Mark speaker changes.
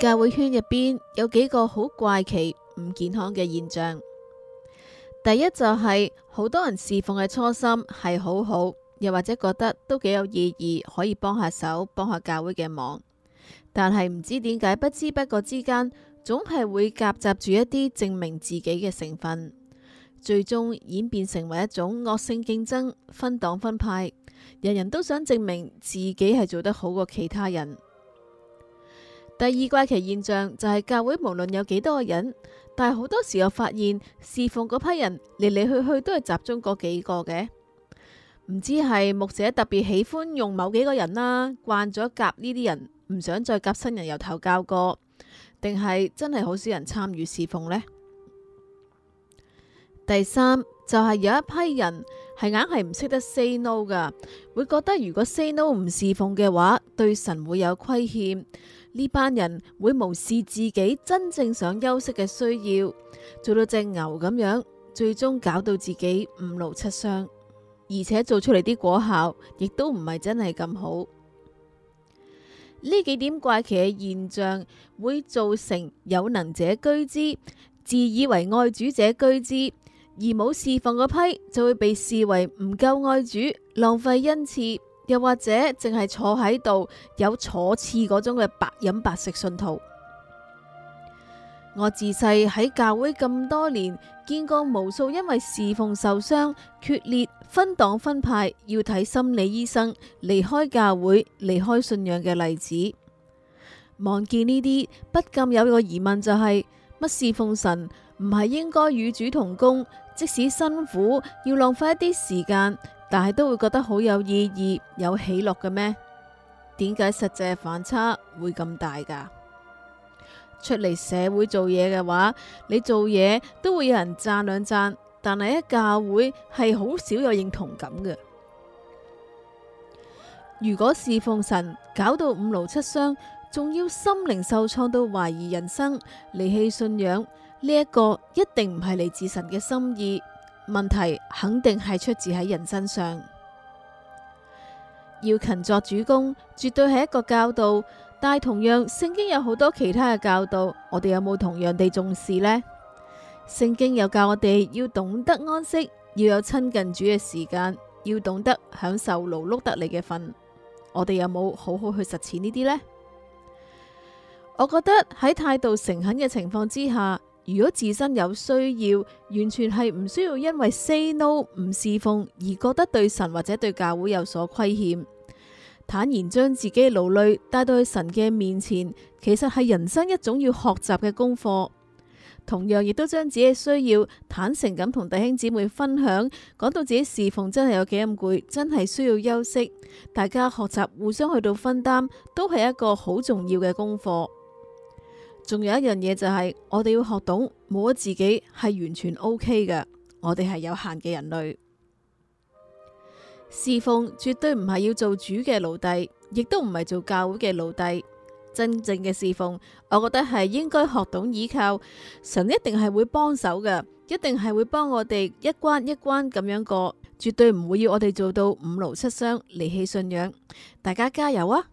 Speaker 1: 教會圈入邊有幾個好怪奇唔健康嘅現象。第一就係、是、好多人侍奉嘅初心係好好，又或者覺得都幾有意義，可以幫下手、幫下教會嘅忙。但係唔知點解，不知不覺之間，總係會夾雜住一啲證明自己嘅成分，最終演變成為一種惡性競爭、分黨分派，人人都想證明自己係做得好過其他人。第二怪奇現象就係教會無論有幾多個人，但係好多時候發現侍奉嗰批人嚟嚟去去，都係集中嗰幾個嘅，唔知係牧者特別喜歡用某幾個人啦，慣咗夾呢啲人，唔想再夾新人由頭教過，定係真係好少人參與侍奉呢？第三就係、是，有一批人係硬係唔識得 say no 噶會覺得如果 say no 唔侍奉嘅話，對神會有虧欠。呢班人會無視自己真正想休息嘅需要，做到隻牛咁樣，最終搞到自己五勞七傷，而且做出嚟啲果效亦都唔係真係咁好。呢幾點怪奇嘅現象，會造成有能者居之，自以為愛主者居之，而冇侍奉嘅批就會被視為唔夠愛主，浪費恩賜。又或者淨係坐喺度有坐廁嗰種嘅白飲白食信徒，我自細喺教會咁多年，見過無數因為侍奉受傷、決裂、分黨分派，要睇心理醫生、離開教會、離開信仰嘅例子。望見呢啲，不禁有一個疑問，就是，就係乜侍奉神唔係應該與主同工，即使辛苦，要浪費一啲時間。但係都會覺得好有意義，有喜樂嘅咩？點解實際反差會咁大噶？出嚟社會做嘢嘅話，你做嘢都會有人讚兩讚，但係喺教會係好少有認同感嘅。如果侍奉神搞到五勞七傷，仲要心靈受創到懷疑人生、離棄信仰，呢、這、一個一定唔係嚟自神嘅心意。問題肯定係出自喺人身上，要勤作主工，絕對係一個教導。但係同樣，聖經有好多其他嘅教導，我哋有冇同樣地重視呢？聖經又教我哋要懂得安息，要有親近主嘅時間，要懂得享受勞碌得嚟嘅份。我哋有冇好好去實踐呢啲呢？我覺得喺態度誠懇嘅情況之下。如果自身有需要，完全係唔需要因為 say no 唔侍奉而覺得對神或者對教會有所虧欠。坦然將自己勞累帶到去神嘅面前，其實係人生一種要學習嘅功課。同樣亦都將自己嘅需要坦誠咁同弟兄姊妹分享，講到自己侍奉真係有幾咁攰，真係需要休息。大家學習互相去到分擔，都係一個好重要嘅功課。仲有一樣嘢就係、是，我哋要學懂冇咗自己係完全 OK 嘅，我哋係有限嘅人類。侍奉絕對唔係要做主嘅奴隸，亦都唔係做教會嘅奴隸。真正嘅侍奉，我覺得係應該學懂依靠神一定會幫，一定係會幫手嘅，一定係會幫我哋一關一關咁樣過，絕對唔會要我哋做到五勞七傷離棄信仰。大家加油啊！